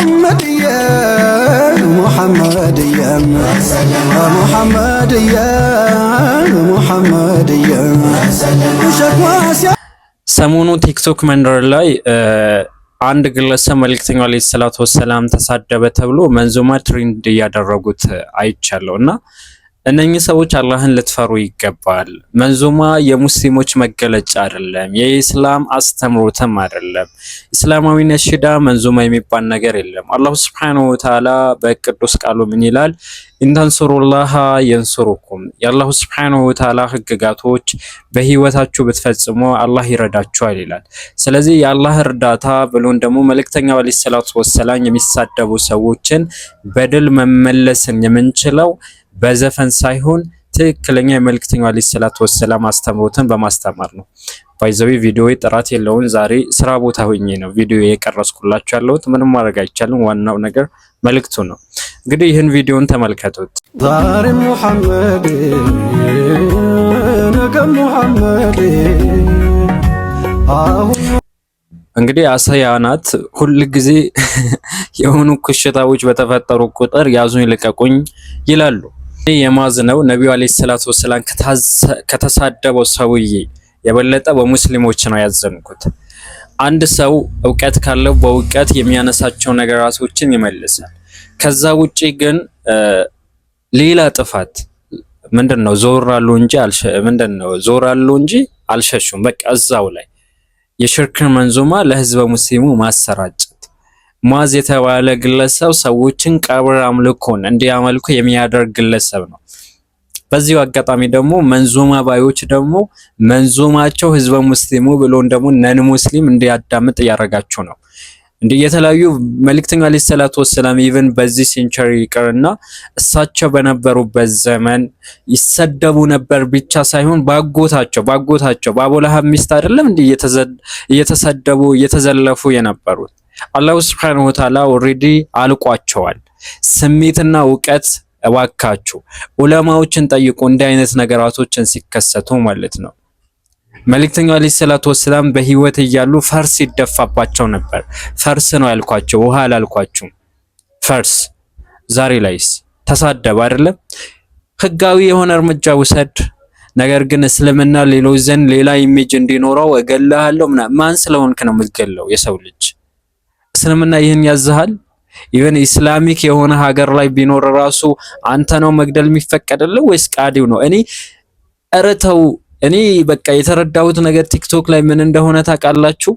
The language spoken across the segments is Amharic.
ሙሐመድየ ሙሐመድየ ሙሐመድየ ሙሐመድየ ሰሞኑ ቲክቶክ መንደር ላይ አንድ ግለሰብ መልክተኛው ዓለይሂ ሰላቱ ወሰላም ተሳደበ ተብሎ መንዙማ ትሬንድ እያደረጉት አይቻለሁ እና እነኚህ ሰዎች አላህን ልትፈሩ ይገባል። መንዙማ የሙስሊሞች መገለጫ አይደለም፣ የኢስላም አስተምሮትም አይደለም። እስላማዊ ነሽዳ መንዙማ የሚባል ነገር የለም። አላሁ ስብሓነሁ ወተዓላ በቅዱስ ቃሉ ምን ይላል? ኢንተንሱሩላህ የንሱሩኩም። የአላሁ ስብሓነሁ ወተዓላ ህግጋቶች በህይወታችሁ ብትፈጽሙ አላህ ይረዳችኋል ይላል። ስለዚህ የአላህ እርዳታ ብሎን ደግሞ መልእክተኛው ዓለይሂ ሰላቱ ወሰላም የሚሳደቡ ሰዎችን በድል መመለስን የምንችለው በዘፈን ሳይሆን ትክክለኛ የመልክተኛው ዓለይሂ ሰላቱ ወሰላም አስተምሮትን በማስተማር ነው። ባይዘዊ ቪዲዮ ጥራት የለውን። ዛሬ ስራ ቦታ ሆኜ ነው ቪዲዮ የቀረስኩላችሁ ያለሁት። ምንም ማድረግ አይቻልም። ዋናው ነገር መልእክቱ ነው። እንግዲህ ይህን ቪዲዮን ተመልከቱት። ዛሬ ሙሐመድ ነገም ሙሐመድ እንግዲህ አሳያናት ሁል ጊዜ የሆኑ ኩሽታዎች በተፈጠሩ ቁጥር ያዙኝ ልቀቁኝ ይላሉ። የማዝነው ነቢዩ አለይሂ ሰላቱ ወሰላም ከተሳደበው ሰውዬ የበለጠ በሙስሊሞች ነው ያዘንኩት። አንድ ሰው እውቀት ካለው በእውቀት የሚያነሳቸው ነገራቶችን ይመልሳል። ከዛ ውጪ ግን ሌላ ጥፋት ምንድን ነው እንጂ ምንድን ነው ዞራሉ እንጂ አልሸሹም። በቃ እዛው ላይ የሽርክን መንዙማ ለህዝበ ሙስሊሙ ማሰራጭ ሟዝ የተባለ ግለሰብ ሰዎችን ቀብር አምልኮን እንዲያመልኩ የሚያደርግ ግለሰብ ነው። በዚሁ አጋጣሚ ደግሞ መንዙማ ባዮች ደግሞ መንዙማቸው ህዝበ ሙስሊሙ ብሎን ደግሞ ነን ሙስሊም እንዲያዳምጥ እያደረጋቸው ነው። እንዲህ የተለያዩ መልእክተኛው አለይሂ ሰላቱ ወሰላም ኢቭን በዚህ ሴንቸሪ ይቅርና እሳቸው በነበሩበት ዘመን ይሰደቡ ነበር ብቻ ሳይሆን ባጎታቸው ባጎታቸው በአቡ ለሀብ ሚስት አይደለም እንዲህ እየተሰደቡ እየተዘለፉ የነበሩት አላሁ ስብሐነሁ ወተዓላ ኦልሬዲ አልቋቸዋል። ስሜትና እውቀት እባካችሁ ዑለማዎችን ጠይቁ፣ እንዲህ አይነት ነገራቶችን ሲከሰቱ ማለት ነው። መልእክተኛው አለይሂ ሰላቱ ወሰላም በህይወት እያሉ ፈርስ ይደፋባቸው ነበር። ፈርስ ነው ያልኳቸው፣ ውሃ አላልኳችሁም። ፈርስ ዛሬ ላይስ ተሳደብ አይደለም። ህጋዊ የሆነ እርምጃ ውሰድ። ነገር ግን እስልምና ሌሎች ዘንድ ሌላ ኢሜጅ እንዲኖረው እገልሃለሁ ምናምን። ማን ስለሆንክ ነው የምትገለው የሰው ልጅ እስልምና ይህን ያዝሃል? ኢቨን ኢስላሚክ የሆነ ሀገር ላይ ቢኖር ራሱ አንተ ነው መግደል የሚፈቀደልህ ወይስ ቃዲው ነው? እኔ ኧረ ተው። እኔ በቃ የተረዳሁት ነገር ቲክቶክ ላይ ምን እንደሆነ ታውቃላችሁ?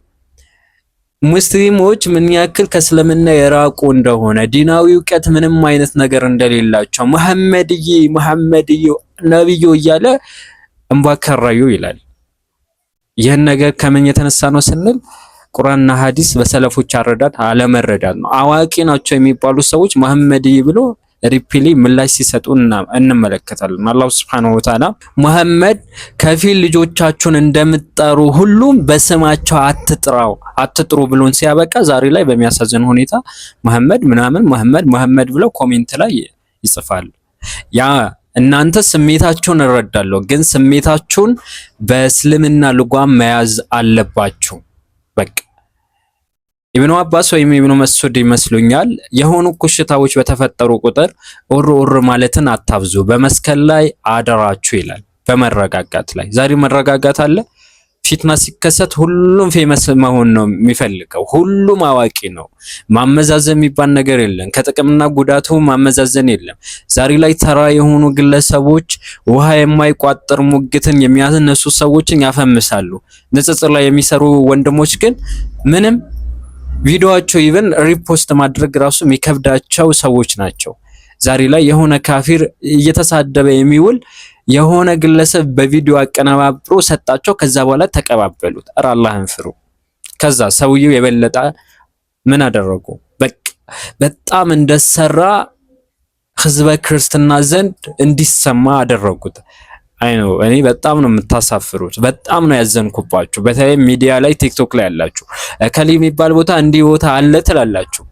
ሙስሊሞች ምን ያክል ከእስልምና የራቁ እንደሆነ ዲናዊ እውቀት ምንም አይነት ነገር እንደሌላቸው መሐመድዬ መሐመድዬ ነብዩ እያለ እንባከራዩ ይላል። ይህን ነገር ከምን የተነሳ ነው ስንል ቁርአንና ሐዲስ በሰለፎች አረዳድ አለመረዳት ነው። አዋቂ ናቸው የሚባሉ ሰዎች መሐመድ ብሎ ሪፕሊ ምላሽ ሲሰጡ እንመለከታለን። አላሁ ሱብሓነሁ ወተዓላ መሐመድ ከፊል ልጆቻችሁን እንደምትጠሩ ሁሉ በስማቸው አትጥራው አትጥሩ ብሎን ሲያበቃ ዛሬ ላይ በሚያሳዝን ሁኔታ መሐመድ ምናምን መሐመድ መሐመድ ብለው ኮሜንት ላይ ይጽፋል። ያ እናንተ ስሜታችሁን እረዳለሁ፣ ግን ስሜታችሁን በእስልምና ልጓም መያዝ አለባችሁ። በቃ ኢብኑ አባስ ወይም ኢብኑ መስዑድ ይመስሉኛል የሆኑ ኩሽታዎች በተፈጠሩ ቁጥር ኡር ኡር ማለትን አታብዙ፣ በመስከል ላይ አደራችሁ ይላል። በመረጋጋት ላይ ዛሬ መረጋጋት አለ። ፊትና ሲከሰት ሁሉም ፌመስ መሆን ነው የሚፈልገው። ሁሉም አዋቂ ነው። ማመዛዘን የሚባል ነገር የለም። ከጥቅምና ጉዳቱ ማመዛዘን የለም። ዛሬ ላይ ተራ የሆኑ ግለሰቦች ውሃ የማይቋጠር ሙግትን የሚያነሱ ሰዎችን ያፈምሳሉ። ንጽጽር ላይ የሚሰሩ ወንድሞች ግን ምንም ቪዲዮቸው ኢቨን ሪፖስት ማድረግ ራሱ የሚከብዳቸው ሰዎች ናቸው። ዛሬ ላይ የሆነ ካፊር እየተሳደበ የሚውል የሆነ ግለሰብ በቪዲዮ አቀነባብሮ ሰጣቸው። ከዛ በኋላ ተቀባበሉት። ኧረ አላህን ፍሩ። ከዛ ሰውየው የበለጠ ምን አደረጉ? በቃ በጣም እንደሰራ ህዝበ ክርስትና ዘንድ እንዲሰማ አደረጉት። አይ ነው እኔ በጣም ነው የምታሳፍሩት። በጣም ነው ያዘንኩባችሁ። በተለይ ሚዲያ ላይ ቲክቶክ ላይ ያላችሁ እከሌ የሚባል ቦታ እንዲህ ቦታ አለ ትላላችሁ።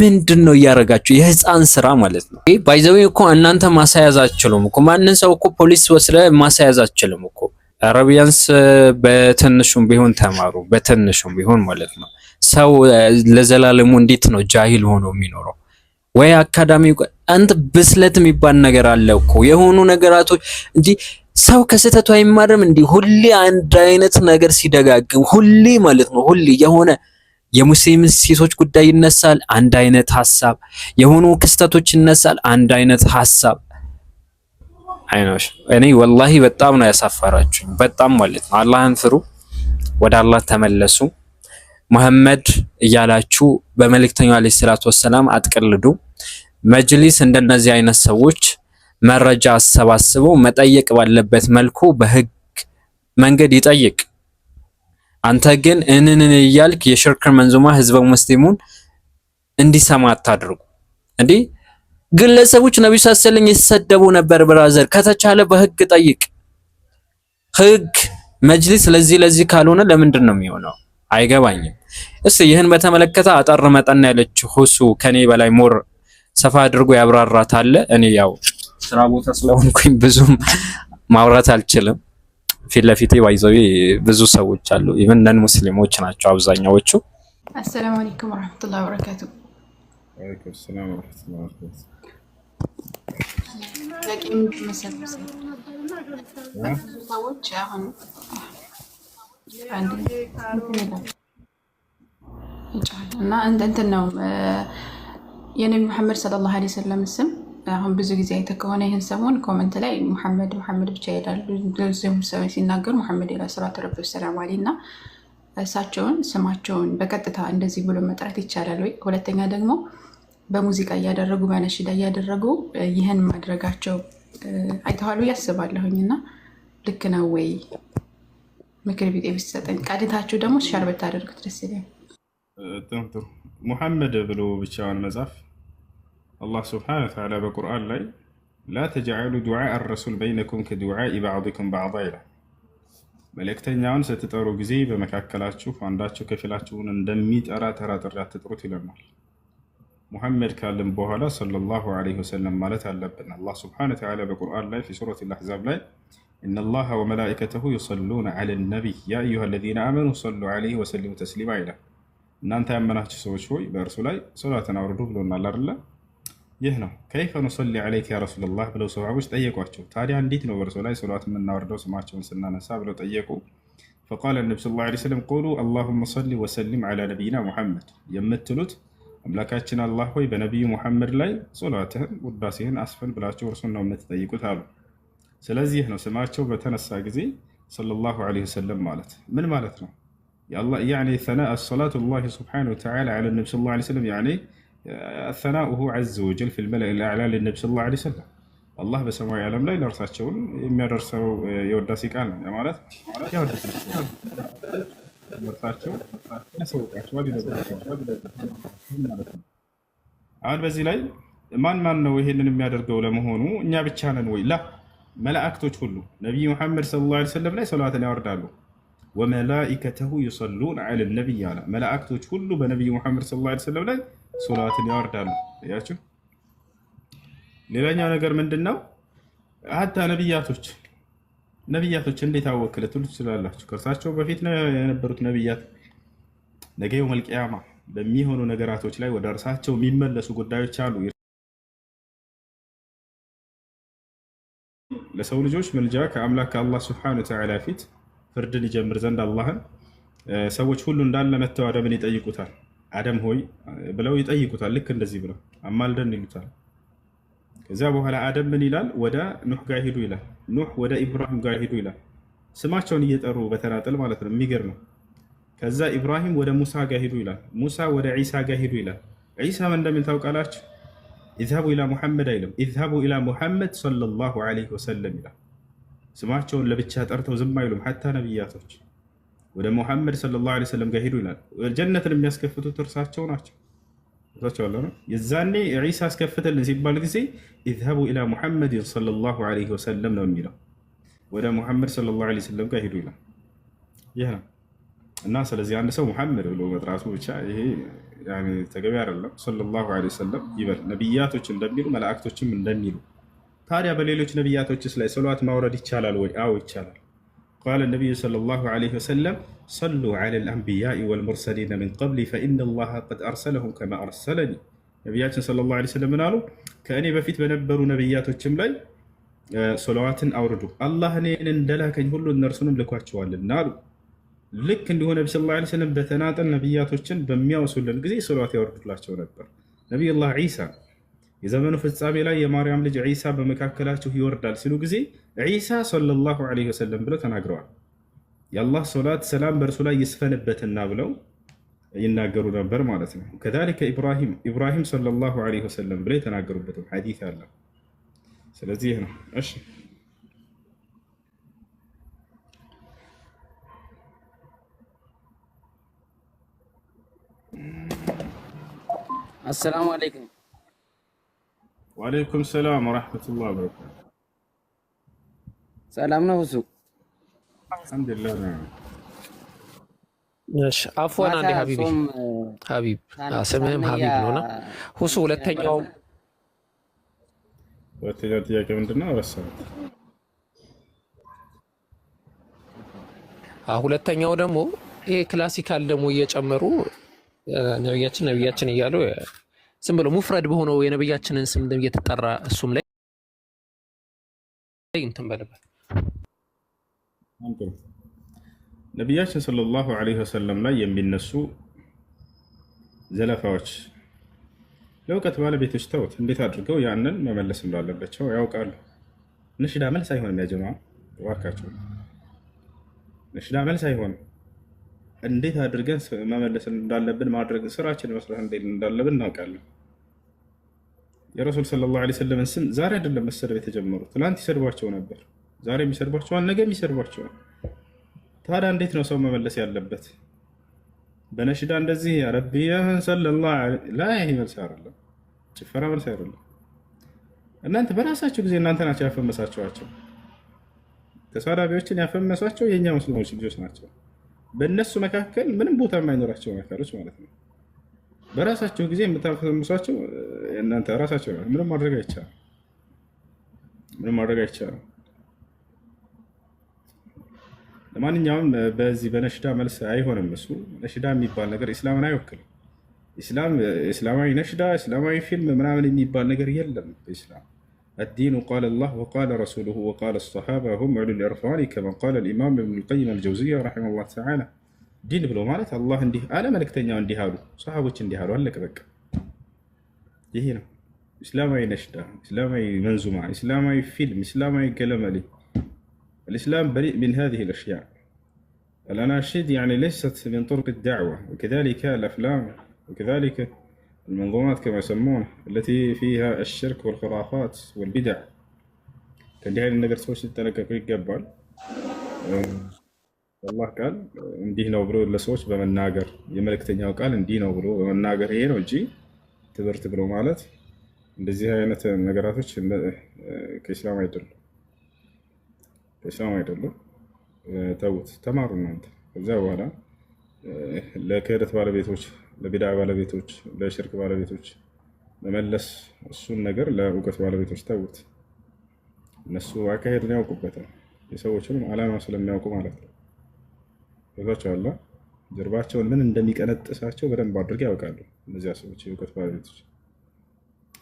ምንድን ነው እያደረጋችሁ? የህፃን ስራ ማለት ነው። ባይዘዌ እኮ እናንተ ማሳያዝ አችሉም እኮ ማንን ሰው እኮ ፖሊስ ወስደ ማሳያዝ አትችልም እኮ። አረቢያንስ በትንሹም ቢሆን ተማሩ፣ በትንሹም ቢሆን ማለት ነው። ሰው ለዘላለሙ እንዴት ነው ጃሂል ሆኖ የሚኖረው? ወይ አካዳሚ አንተ ብስለት የሚባል ነገር አለ እኮ የሆኑ ነገራቶች እንጂ ሰው ከስህተቱ አይማርም። እንዲህ ሁሌ አንድ አይነት ነገር ሲደጋግም ሁሌ ማለት ነው ሁሌ የሆነ የሙስሊም ሴቶች ጉዳይ ይነሳል፣ አንድ አይነት ሀሳብ። የሆኑ ክስተቶች ይነሳል፣ አንድ አይነት ሀሳብ። አይኖሽ እኔ ወላሂ በጣም ነው ያሳፈራችሁኝ፣ በጣም ማለት ነው። አላህን ፍሩ፣ ወደ አላህ ተመለሱ። መሐመድ እያላችሁ በመልእክተኛው አለይሂ ሰላቱ ወሰላም አትቀልዱ። መጅሊስ እንደነዚህ አይነት ሰዎች መረጃ አሰባስቦ መጠየቅ ባለበት መልኩ በህግ መንገድ ይጠይቅ። አንተ ግን እንንን እያልክ የሽርክ መንዙማ ህዝበ ሙስሊሙን እንዲሰማ አታድርጉ። እንዲህ ግለሰቦች ነብዩ ሰለላሁ ዐለይሂ ወሰለም ይሰደቡ ነበር። ብራዘር ከተቻለ በህግ ጠይቅ። ህግ መጅሊስ ለዚህ ለዚህ ካልሆነ ለምንድን ነው የሚሆነው? አይገባኝም። እስ ይህን በተመለከተ አጠር መጠን ያለች ሁሱ ከኔ በላይ ሞር ሰፋ አድርጎ ያብራራት አለ። እኔ ያው ስራ ቦታ ስለሆንኩኝ ብዙም ማውራት አልችልም። ፊት ለፊቴ ባይዘዊ ብዙ ሰዎች አሉ። ኢቨን ነን ሙስሊሞች ናቸው አብዛኛዎቹ። አሰላሙ አለይኩም ወራህመቱላሂ ወበረካቱ። ሰዎች አሁን እና እንትን ነው የነቢ መሐመድ ሰለላሁ ዐለይሂ ወሰለም ስም አሁን ብዙ ጊዜ አይተህ ከሆነ ይህን ሰሞን ኮመንት ላይ ሙሐመድ ሙሐመድ ብቻ ይሄዳሉ። ሲናገሩ ሙሐመድ ላ ሰላት ረቢ ሰላም አሊ እና እሳቸውን ስማቸውን በቀጥታ እንደዚህ ብሎ መጥራት ይቻላል ወይ? ሁለተኛ ደግሞ በሙዚቃ እያደረጉ በነሽዳ እያደረጉ ይህን ማድረጋቸው አይተዋሉ ያስባለሁኝ እና ልክ ነው ወይ? ምክር ቢጤ ብትሰጠኝ ቀድታችሁ ደግሞ ሻር ብታደርጉት ደስ ይለኛል። ጥንቱ ሙሐመድ ብሎ ብቻዋን መጻፍ አላህ ስብሓነ ወተዓላ በቁርአን ላይ ላ ተጅዐሉ ዱዓ አረሱል በይነኩም ከዱዓ ባዕድኩም ባዕዳ ይላል። መልእክተኛውን ስትጠሩ ጊዜ በመካከላችሁ አንዳችሁ ከፊላችሁን እንደሚጠራ ተራጥሪ አትጥሩት ይለናል። ሙሐመድ ካልን በኋላ ሰለላሁ ዐለይሂ ወሰለም ማለት አለብን። አላህ ስብሓነ ወተዓላ በቁርአን ላይ ሱረት አሕዛብ ላይ إن الله وملائكته يصلون على النبي يا أيها الذين آمنوا صلوا عليه وسلموا تسليما እናንተ ያመናችሁ ሰዎች ሆይ በእርሱ ላይ ሶላትን አውርዱ ብሎናል አይደለ? ይህ ነው ከይፈ ኑሰሊ ዐለይከ ያ ረሱለላህ ብለው ሰሃቦች ጠየቋቸው። ታዲያ እንዴት ነው በእርሱ ላይ ሶላት የምናወርደው ስማቸውን ስናነሳ ብለው ጠየቁ። ፈቃለ ነቢ ሰለላሁ ዐለይሂ ወሰለም ቁሉ አላሁመ ሰሊ ወሰሊም ዐላ ነቢይና ሙሐመድ የምትሉት አምላካችን አላህ ሆይ በነቢዩ ሙሐመድ ላይ ሶላትህን ውዳሴህን አስፈን ብላቸው እርሱን ነው የምትጠይቁት አሉ። ስለዚህ ነው ስማቸው በተነሳ ጊዜ ሰለላሁ ዐለይሂ ወሰለም ማለት ምን ማለት ነው? يعني ثناء الصلاة الله سبحانه وتعالى على النبي صلى الله عليه وسلم يعني ثناؤه عز وجل في الملأ الأعلى للنبي አላህ በሰማያዊ ዓለም ላይ ለእርሳቸውን የሚያደርሰው የወዳሴ ቃል ነው ማለት አሁን በዚህ ላይ ማን ማን ነው ይሄንን የሚያደርገው ለመሆኑ እኛ ብቻ ነን ወይ? ላ መላእክቶች ሁሉ ነቢይ ሙሐመድ ሰለላሁ ዓለይሂ ወሰለም ላይ ሰላዋትን ያወርዳሉ። ወመላኢከተሁ ዩሰሉን አለ ነቢይ አለ መላእክቶች ሁሉ በነቢይ ሙሐመድ ሰለላሁ ዐለይሂ ወሰለም ላይ ሶላትን ያወርዳሉ። ያችሁ ሌላኛው ነገር ምንድን ነው? ሀታ ነቢያቶች ነቢያቶች እንዴት አወክ ልትሉ ትችላላችሁ። ከእርሳቸው በፊት የነበሩት ነቢያት ነገ የውመል ቂያማ በሚሆኑ ነገራቶች ላይ ወደ እርሳቸው የሚመለሱ ጉዳዮች አሉ። ለሰው ልጆች መልጃ ከአምላክ ከአላህ ስብሐነ ወተዓላ ፊት ፍርድን ይጀምር ዘንድ አላህን ሰዎች ሁሉ እንዳለ መጥተው አደምን ይጠይቁታል። አደም ሆይ ብለው ይጠይቁታል። ልክ እንደዚህ ብለው አማልደን ይሉታል። ከዚያ በኋላ አደም ምን ይላል? ወደ ኑህ ጋር ሂዱ ይላል። ኑህ ወደ ኢብራሂም ጋር ሂዱ ይላል። ስማቸውን እየጠሩ በተናጠል ማለት ነው። የሚገርም ነው። ከዛ ኢብራሂም ወደ ሙሳ ጋር ሂዱ ይላል። ሙሳ ወደ ዒሳ ጋር ሂዱ ይላል። ዒሳ ምን እንደሚል ታውቃላችሁ? ኢዝሃቡ ኢላ ሙሐመድ አይልም። ኢዝሃቡ ኢላ ሙሐመድ ሰለላሁ ዐለይሂ ወሰለም ይላል። ስማቸውን ለብቻ ጠርተው ዝም አይሉም። ሐታ ነቢያቶች ወደ ሙሐመድ ሰለላሁ ዐለይሂ ወሰለም ጋር ሄዱ ይላል። ጀነትን የሚያስከፍቱት እርሳቸው ናቸው። የዛኔ ዒሳ አስከፍትልን ሲባል ጊዜ ኢዝሀቡ ኢላ ሙሐመድን ሰለላሁ ዐለይሂ ወሰለም ነው የሚለው። ወደ ሙሐመድ ሰለላሁ ዐለይሂ ወሰለም ጋር ሄዱ ይላል። ይህ ነው እና ስለዚህ አንድ ሰው ሙሐመድ ብሎ መጥራቱ ብቻ ይሄ ተገቢ አይደለም። ሰለላሁ ዐለይሂ ወሰለም ይበል። ነቢያቶች እንደሚሉ መላእክቶችም እንደሚሉ ታዲያ በሌሎች ነቢያቶችስ ላይ ሰሏት ማውረድ ይቻላል ወይ? አዎ ይቻላል። ቃለ ነቢዩ ሰለላሁ ዐለይሂ ወሰለም ሰሉ ዐለል አንቢያኢ ወልሙርሰሊነ ሚን ቀብሊ ፈኢነላሃ ቀድ አርሰለሁም ከማ አርሰለኒ። ነቢያችን ሰለላሁ ዐለይሂ ወሰለም ምን አሉ? ከእኔ በፊት በነበሩ ነቢያቶችም ላይ ሰለዋትን አውርዱ፣ አላህ እኔን እንደላከኝ ሁሉ እነርሱንም ልኳቸዋልና አሉ። ልክ እንዲሁ ነቢ ሰለላሁ ዐለይሂ ወሰለም በተናጠል ነቢያቶችን በሚያወሱልን ጊዜ ሰለዋት ያወርዱላቸው ነበር። ነቢዩላህ ዒሳ የዘመኑ ፍጻሜ ላይ የማርያም ልጅ ዒሳ በመካከላችሁ ይወርዳል ሲሉ ጊዜ ዒሳ ሰለላሁ ዐለይሂ ወሰለም ብለው ተናግረዋል። የአላህ ሶላት ሰላም በእርሱ ላይ ይስፈንበትና ብለው ይናገሩ ነበር ማለት ነው። ከዛሊከ ኢብራሂም ኢብራሂም ሰለላሁ ዐለይሂ ወሰለም ብለው የተናገሩበትም ሐዲስ አለ። ስለዚህ ነው እሺ አሰላሙ አለይኩም ወአለይኩም ሰላም ወራህመቱላህ ወበረካቱ። ሰላም ነው እሱ አልሐምዱሊላህ። እሺ አፍዋን አንዴ ሀቢቢ ሀቢብ ስምህም ሀቢብ ነውና ሁሱ ሁለተኛው ሁለተኛው ጥያቄ ምንድን ረሳሁት። ሁለተኛው ደግሞ ይሄ ክላሲካል ደግሞ እየጨመሩ ነብያችን ነብያችን እያሉ ዝም ብሎ ሙፍረድ በሆነው የነብያችንን ስም እየተጠራ እሱም ላይ እንትን በልበት ነቢያችን ሰለላሁ ዐለይሂ ወሰለም ላይ የሚነሱ ዘለፋዎች ለእውቀት ባለቤቶች ተውት። እንዴት አድርገው ያንን መመለስ እንዳለባቸው ያውቃሉ። ንሽዳ መልስ አይሆንም። ያጀማ ዋካቸው ንሽዳ መልስ አይሆንም። እንዴት አድርገን መመለስ እንዳለብን ማድረግ ስራችን መስራት እንዴት እንዳለብን እናውቃለን። የረሱል ሰለላሁ ዐለይሂ ወሰለምን ስም ዛሬ አይደለም መሰደብ የተጀመሩ። ትናንት ይሰድቧቸው ነበር፣ ዛሬ የሚሰድቧቸዋል፣ ነገ የሚሰድቧቸዋል። ታዲያ እንዴት ነው ሰው መመለስ ያለበት? በነሽዳ እንደዚህ ረቢያህን ሰለላ ላ ይሄ መልስ አይደለም፣ ጭፈራ መልስ አይደለም። እናንተ በራሳቸው ጊዜ እናንተ ናቸው ያፈመሳቸዋቸው። ተሳዳቢዎችን ያፈመሷቸው የእኛ ሙስሊሞች ልጆች ናቸው። በእነሱ መካከል ምንም ቦታ የማይኖራቸው አካሎች ማለት ነው። በራሳቸው ጊዜ የምታፈምሷቸው እናንተ ራሳቸው ምንም ማድረግ አይቻልም። ምንም ማድረግ አይቻልም። ለማንኛውም በዚህ በነሽዳ መልስ አይሆንም። እሱ ነሽዳ የሚባል ነገር ኢስላምን አይወክልም። እስላማዊ ነሽዳ፣ እስላማዊ ፊልም ምናምን የሚባል ነገር የለም በኢስላም الدين قال الله وقال رسوله وقال الصحابة هم أولو الإرفان كما قال الإمام ابن القيم الجوزية رحمه الله تعالى ዲን ብሎ ማለት አላህ እንዲህ አለ፣ መልእክተኛው እንዲህ አሉ፣ بك يهينا إسلام أي በቃ። إسلام أي እስላማዊ إسلام أي فيلم إسلام أي كلمة لي الإسلام بريء من هذه الأشياء الأناشيد يعني ليست من طرق الدعوة وكذلك الأفلام وكذلك المنظومات كما يسمونه التي فيها الشرك والخرافات والبدع كان هاي النقر سوش تلقى كل يقبل አላህ ቃል እንዲህ ነው ብሎ ለሰዎች በመናገር የመልእክተኛው ቃል እንዲህ ነው ብሎ በመናገር ይሄ ነው እንጂ ትምህርት ብሎ ማለት እንደዚህ አይነት ነገራቶች ከኢስላም አይደሉም። ከኢስላም አይደሉም። ተዉት፣ ተማሩ እናንተ። ከዚያ በኋላ ለክህደት ባለቤቶች ለቢዳ ባለቤቶች፣ ለሽርክ ባለቤቶች መመለስ እሱን ነገር ለእውቀት ባለቤቶች ተውት። እነሱ አካሄድን ያውቁበታል። የሰዎችንም አላማ ስለሚያውቁ ማለት ነው። ዛቸዋላ ጀርባቸውን ምን እንደሚቀነጥሳቸው በደንብ አድርገ ያውቃሉ። እነዚያ ሰዎች የእውቀት ባለቤቶች፣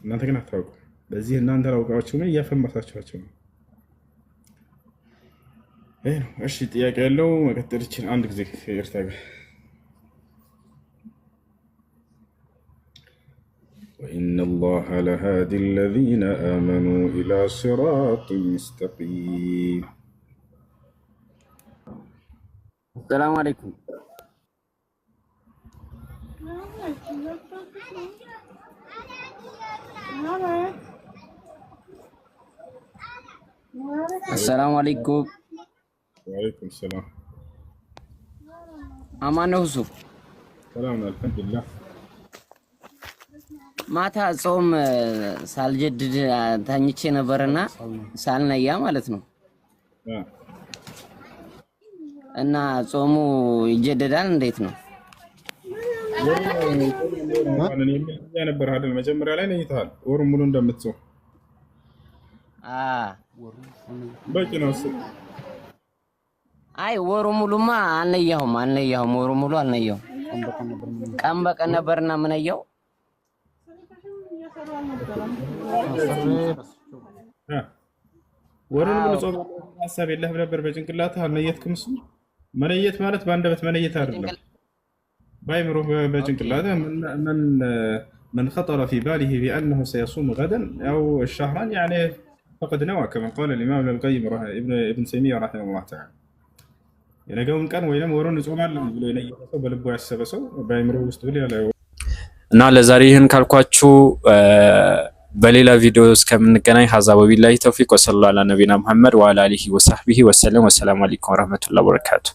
እናንተ ግን አታውቁ። በዚህ እናንተ ላውቃቸው ነው እያፈመሳችኋቸው ነው። ይህ ነው። እሺ ጥያቄ ያለው መቀጠል ይችላል። አንድ ጊዜ ይርታ وإن الله لهادي الذين آمنوا إلى صراط مستقيم السلام عليكم السلام عليكم وعليكم السلام أمان يوسف سلام الحمد لله ማታ ጾም ሳልጀድድ ታኝቼ ነበርና ሳልነያ ማለት ነው። እና ጾሙ ይጀደዳል እንዴት ነው? ነበር አይደል? መጀመሪያ ላይ ሙሉ እንደምትጾም በቂ ነው አይ ወሩ ሙሉማ አልነያሁም፣ አልነያሁም። ወሩ ሙሉ አልነያሁም። ቀን በቀን ነበርና ምነየው ወሩን ብሎ ጾም ሀሳብ የለህም ነበር በጭንቅላትህ አልነየትክም። እሱ መነየት ማለት በአንደበት መነየት አይደለም። ባይምሮ በጭንቅላትህ ምን من خطر في باله بأنه سيصوم غدا أو الشهران يعني فقد نوى كما قال الإمام ابن القيم ابن ابن تيمية رحمه الله تعالى يعني قوم كان وينام ورون يصوم على بلو ينيح بلبو يحسب سو بايمرو وسط እና ለዛሬ ይህን ካልኳችሁ በሌላ ቪዲዮ እስከምንገናኝ ሀዛ ወቢላሂ ተውፊቅ ወሰላ አላ ነቢና መሐመድ ወአላ አሊሂ ወሳህቢሂ ወሰለም። ወሰላሙ አሊኩም ወረህመቱላሂ ወበረካቱ።